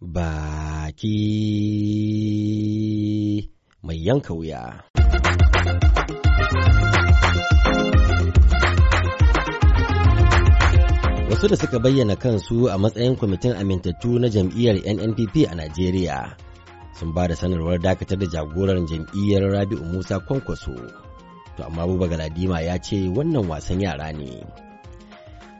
baki mai yanka wuya. Wasu da suka bayyana kansu a matsayin kwamitin amintattu na jam'iyyar NNPP a Najeriya sun ba da sanarwar dakatar da jagoran jam'iyyar Rabi'u Musa Kwankwaso. To amma Buba Galadima ya ce wannan wasan yara ne.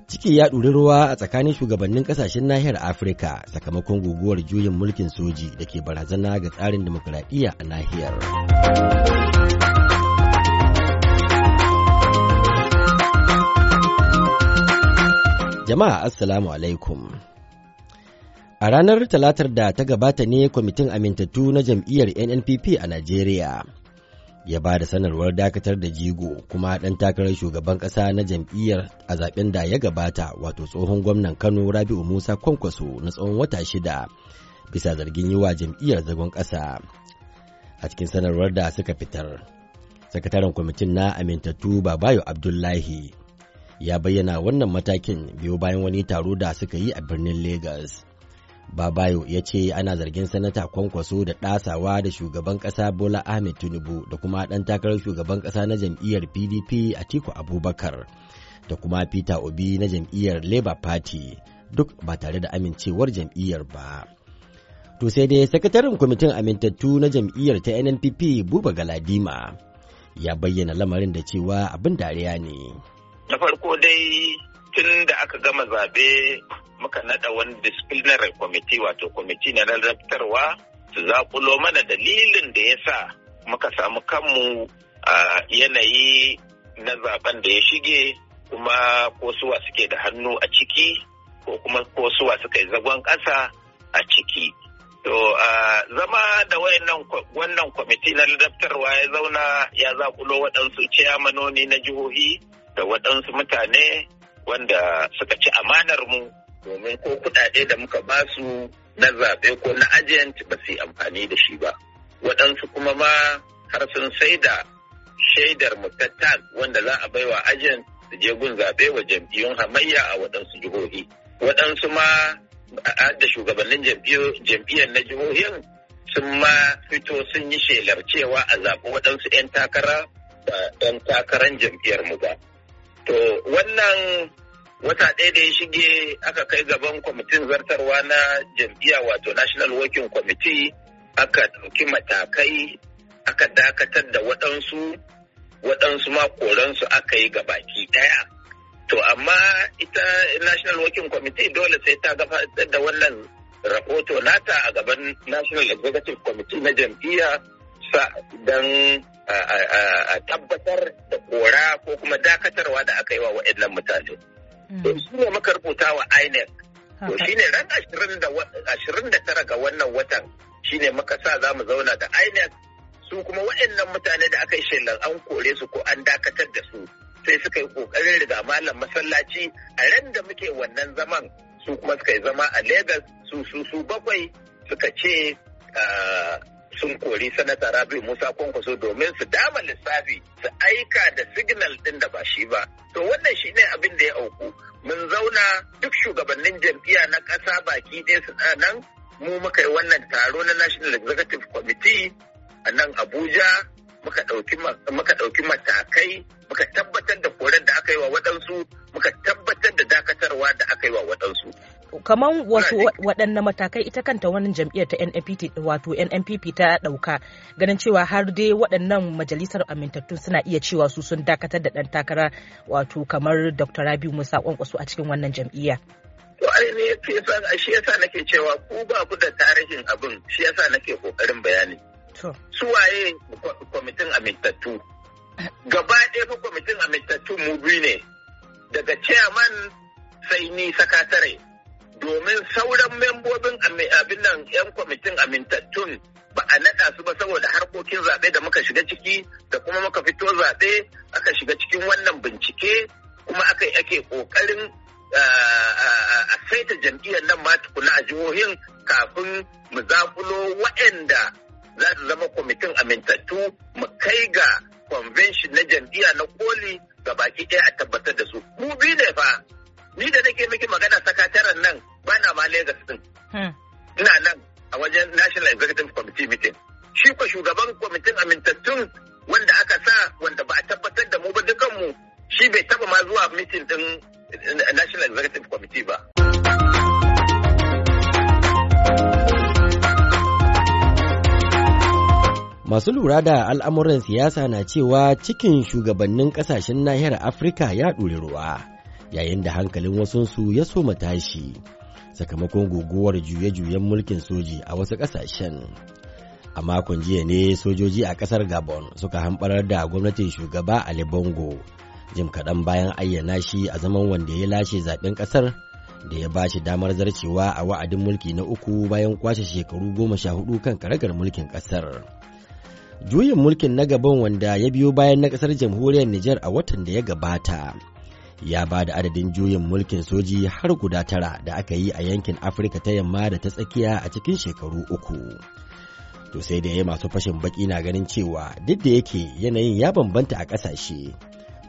ciki ya ɗuri ruwa a tsakanin shugabannin ƙasashen nahiyar afirka sakamakon guguwar juyin mulkin soji da ke barazana ga tsarin demokuraɗiyya a nahiyar jama'a assalamu alaikum a ranar talatar da ta gabata ne kwamitin amintattu na jam'iyyar nnpp a najeriya ya ba da sanarwar dakatar da jigo kuma ɗan takarar shugaban ƙasa na jam'iyyar a zaben da ya gabata wato tsohon gwamnan kano rabi'u musa kwankwaso na tsawon wata shida bisa zargin yi wa jam'iyyar zagon ƙasa a cikin sanarwar da suka fitar sakataren kwamitin na amintattu babayo abdullahi ya bayyana wannan matakin biyo bayan wani taro da suka yi a birnin Legas. Babayo ya ce ana zargin sanata kwankwaso da ɗasawa da shugaban ƙasa Bola Ahmed Tinubu da kuma ɗan takarar shugaban ƙasa na jam'iyyar PDP a tiku Abubakar da kuma Peter Obi na jam'iyyar Labour Party duk ba tare da amincewar jam'iyyar ba. To sai dai sakataren kwamitin amintattu na jam'iyyar ta NNPP Buba Galadima ya bayyana lamarin da cewa abin dariya ne. Na farko dai tun da aka gama zaɓe muka nada wani disciplinary committee wato kwamiti na rarrabtarwa su zaƙulo mana dalilin da ya sa muka samu kanmu a yanayi na zaben da ya shige kuma ko suwa suke da hannu a ciki ko kuma ko suwa suka yi zagon ƙasa a ciki. To zama da wannan kwamiti na ladabtarwa ya zauna ya zakulo waɗansu ciyamanoni na jihohi da waɗansu mutane wanda suka ci amanar mu domin ko kuɗaɗe da muka ba su na zaɓe ko na ajiyanci ba su yi amfani da shi ba waɗansu kuma ma har sun sai da shaidar mutattal wanda za a baiwa ajiyan su je gun zaɓe wa jam'iyyun hamayya a waɗansu jihohi waɗansu ma da shugabannin jam'iyyar na jihohin sun ma fito sun yi shelar cewa a zaɓi waɗansu 'yan takara ba 'yan takaran jam'iyyar mu ba to wannan wata ɗaya da ya shige aka kai gaban kwamitin zartarwa na jam'iyya wato national working committee aka ɗauki matakai aka dakatar da waɗansu waɗansu ma koransu aka yi gabaki ɗaya to amma ita national working committee dole sai ta gabatar da wannan rahoto nata a gaban national executive committee na jam'iyya don a tabbatar da kora ko kuma dakatarwa da aka yi wa waɗannan mutane. to mm. su ne muka rubuta wa INEC to ne ran ashirin da tara ga wannan watan shi ne muka sa za mu zauna da INEC su kuma waɗannan mutane da aka yi shelar an kore su ko an dakatar da su sai suka yi ƙoƙarin riga malam masallaci a ran da muke wannan zaman su kuma suka yi zama a Legas su su su bakwai suka ce ah, sun kori sanata rabi musa kwankwaso domin su dama lissafi su aika da signal din da ba shi ba to wannan shi ne abin da ya auku mun zauna duk shugabannin jam'iyya na ƙasa baki ɗaya su nan mu muka yi wannan taro na national executive committee a nan abuja muka ɗauki matakai muka tabbatar da koren da aka yi wa waɗansu muka tabbatar da dakatarwa da aka yi wa waɗansu kaman wasu waɗannan matakai ita kanta wannan jam'iyyar ta NNPP wato NNPP ta ɗauka ganin cewa har dai waɗannan majalisar amintattun suna iya cewa su sun dakatar da ɗan takara wato kamar Dr. Rabiu Musa Kwankwaso a cikin wannan jam'iyya. To ai ne shi yasa nake cewa ku ba ku da tarihin abin shi yasa nake kokarin bayani. Su waye kwamitin amintattu? Gaba ɗaya fa kwamitin amintattu mu bi ne daga chairman sai ni sakatare. domin sauran membobin abin nan 'yan kwamitin amintattun ba a naɗa su ba saboda harkokin zaɓe da muka shiga ciki da kuma muka fito zaɓe aka shiga cikin wannan bincike kuma aka ake ƙoƙarin a saita jam'iyyar nan ma tukuna a jihohin kafin mu zaƙulo waɗanda za su zama kwamitin amintattu mu kai ga convention na jam'iyya na koli ga baki ɗaya a tabbatar da su. Mu biyu ne fa ni da nake miki magana sakataren nan bana ma Lagos din hmm. ina nan a wajen National Executive Committee meeting shi ko shugaban kwamitin amintattun wanda aka sa wanda ba a tabbatar da mu ba dukanmu shi bai taba ma zuwa meeting din eh, National Executive Committee ba Masu lura da al'amuran siyasa na cewa cikin shugabannin kasashen nahiyar Afirka ya ɗuri ruwa. yayin da hankalin wasunsu ya so tashi sakamakon guguwar juye-juyen mulkin soji a wasu ƙasashen. A makon jiya ne sojoji a ƙasar Gabon suka hamɓarar da gwamnatin shugaba Ali Bongo jim kaɗan bayan ayyana shi a zaman wanda ya lashe zaɓen ƙasar da ya ba shi damar zarcewa a wa'adin mulki na uku bayan kwashe shekaru goma sha hudu kan karagar mulkin ƙasar. Juyin mulkin na Gabon wanda ya biyo bayan na ƙasar jamhuriyar Nijar a watan da ya gabata. ya ba da adadin juyin mulkin soji har guda tara da aka yi a yankin afirka ta yamma da ta tsakiya a cikin shekaru uku to sai da ya masu fashin baki na ganin cewa duk da yake yanayin ya bambanta a ƙasashe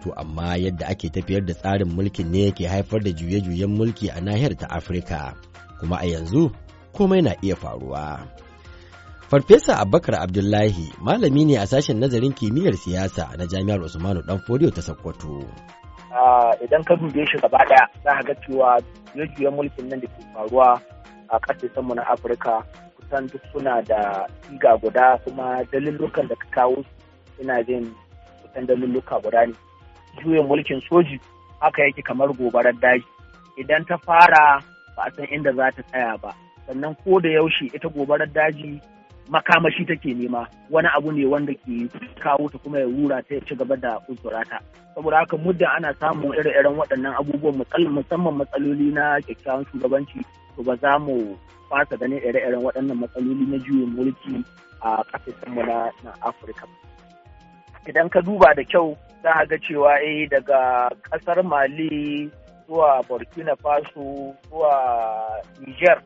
to amma yadda ake tafiyar da tsarin mulkin ne yake haifar da juye-juyen mulki a nahiyar ta afirka kuma a yanzu komai na iya faruwa farfesa abubakar abdullahi malami ne a sashen nazarin kimiyyar siyasa na jami'ar usmanu danfodiyo ta sokoto idan ka dube shi gaba daya za ka ga cewa juye mulkin nan da ke faruwa a ƙasashen mu na afirka kusan duk suna da siga guda kuma dalilukan da ka kawo ina jin kusan dalilluka guda ne juya mulkin soji haka yake kamar gobarar daji idan ta fara ba a san inda za ta tsaya ba sannan ko da yaushe ita gobarar daji makamashi take nema wani abu ne wanda ke kawo ta kuma ya rura ta ya ci gaba da uzurata saboda haka muddin ana samun ire-iren waɗannan abubuwan musamman matsaloli na kyakkyawan shugabanci to ba za mu fasa ganin ire-iren waɗannan matsaloli na juyin mulki a mu na afirka idan ka duba da kyau za a ga cewa eh daga ƙasar mali zuwa burkina faso zuwa niger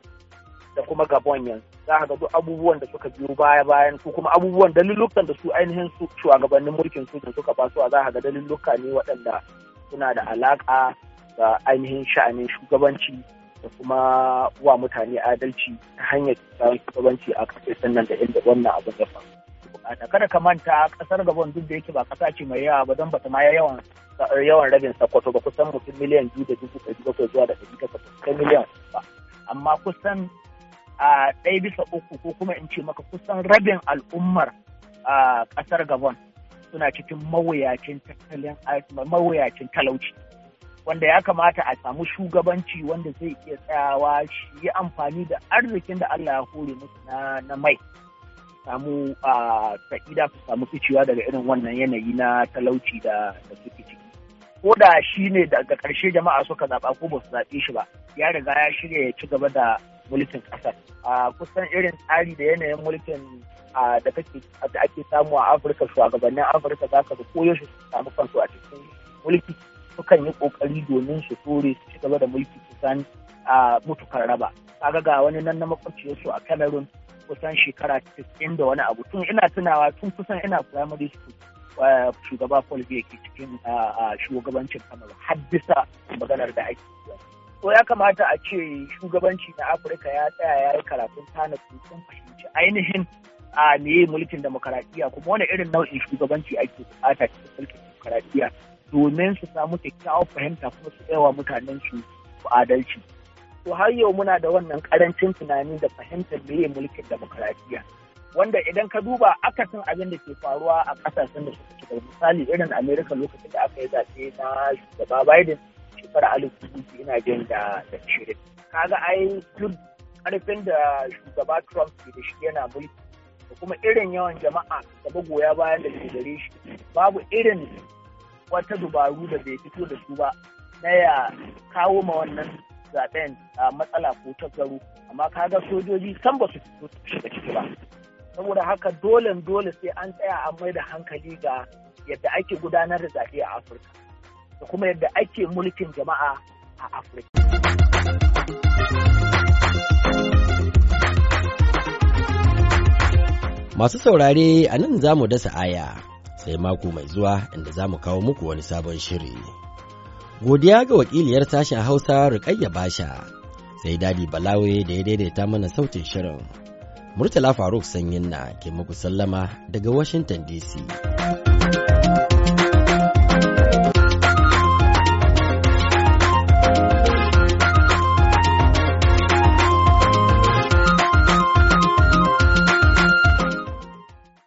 da kuma gabon yanzu za ka ga abubuwan da suka biyo baya bayan su kuma abubuwan dalilukan da su ainihin su shugabannin mulkin sojin suka faso a za ka ga dalilukka ne waɗanda suna da alaƙa da ainihin sha'anin shugabanci da kuma wa mutane adalci ta hanyar tsarin shugabanci a ƙasar sannan da inda wannan abu ya faru. kada ka manta kasar gabon duk da yake ba kasa ce mai yawa ba don bata ma yawan yawan rabin sakwato ba kusan mutum miliyan biyu da dubu ɗari bakwai zuwa da ɗari takwas miliyan ba amma kusan a ɗaya bisa uku ko kuma in ce maka kusan rabin al'ummar a ƙasar gabon suna cikin mawuyacin tattalin mawuyacin talauci wanda ya kamata a samu shugabanci wanda zai iya tsayawa shi yi amfani da arzikin da Allah ya hore musu na mai samu a sa'ida su samu ficewa daga irin wannan yanayi na talauci da suke ciki ko da shi ne daga ƙarshe jama'a suka zaɓa ko ba su zaɓe shi ba ya riga ya shirya ya ci gaba da mulkin ƙasar a kusan irin tsari da yanayin mulkin da ake samu a afirka shugabannin afirka za ka koyaushe su samu kansu a cikin mulki sukan yi kokari domin su tsore su ci gaba da mulki su a mutukar raba kaga ga wani nan na makwabciyarsu a cameroon kusan shekara 90 da wani abu tun ina tunawa tun kusan ina primary school shugaba Paul Biya ke cikin shugabancin kamerun haddisa maganar da ake yi to ya kamata a ce shugabanci na afirka ya tsaya ya yi karatun tana sun fahimci ainihin a meye mulkin demokaradiyya kuma wani irin nau'in shugabanci ake bukata cikin mulkin demokaradiyya domin su samu kyakkyawar fahimta kuma su yawa mutanen su adalci to har yau muna da wannan karancin tunani da fahimtar meye mulkin demokaradiyya wanda idan ka duba akasin abin da ke faruwa a kasashen da suka ci misali irin amerika lokacin da aka yi zaɓe na shugaba biden shekarar alif biyu ina jin da da shirin kaga ai duk karfin da shugaba trump ke da shi yana mulki da kuma irin yawan jama'a da goya bayan da ke gare shi babu irin wata dubaru da bai fito da su ba na ya kawo ma wannan zaben a matsala ko tasgaro amma kaga sojoji san ba su fito shiga ciki ba saboda haka dole dole sai an tsaya an mai da hankali ga yadda ake gudanar da zaɓe a afirka da kuma yadda ake mulkin jama'a a Afirka. Masu saurare a nan za mu dasa aya sai mako mai zuwa inda za mu kawo muku wani sabon shiri. Godiya ga wakiliyar sashen Hausa Rukayya Basha sai Dadi Balawe da ya daidaita mana sautin shirin. Murtala Faruk Sanyin na ke muku sallama daga Washington DC.